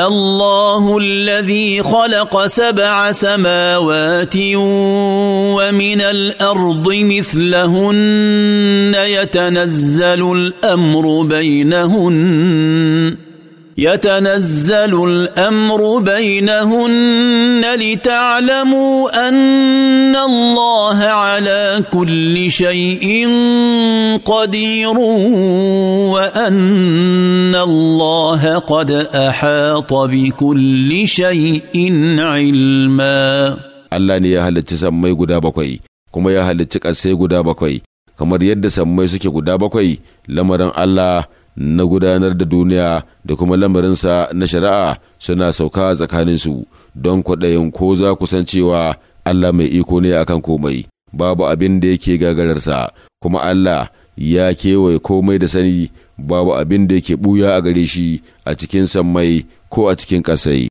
الله الذي خلق سبع سماوات ومن الارض مثلهن يتنزل الامر بينهن يتنزل الامر بينهن لتعلموا ان الله على كل شيء قدير وان الله قد احاط بكل شيء علما الله يا هل تسمي غدا كما يا هل تسمي غدا كما يد سكي غدا بكوي لمرن الله na gudanar da duniya da kuma lamarinsa na shari'a suna sauka tsakaninsu don kwaɗayin ko za ku san cewa Allah mai iko ne akan komai babu abin da yake gagararsa kuma Allah ya kewaye komai da sani babu abin da yake ɓuya a gare shi a cikin sammai ko a cikin ƙasai.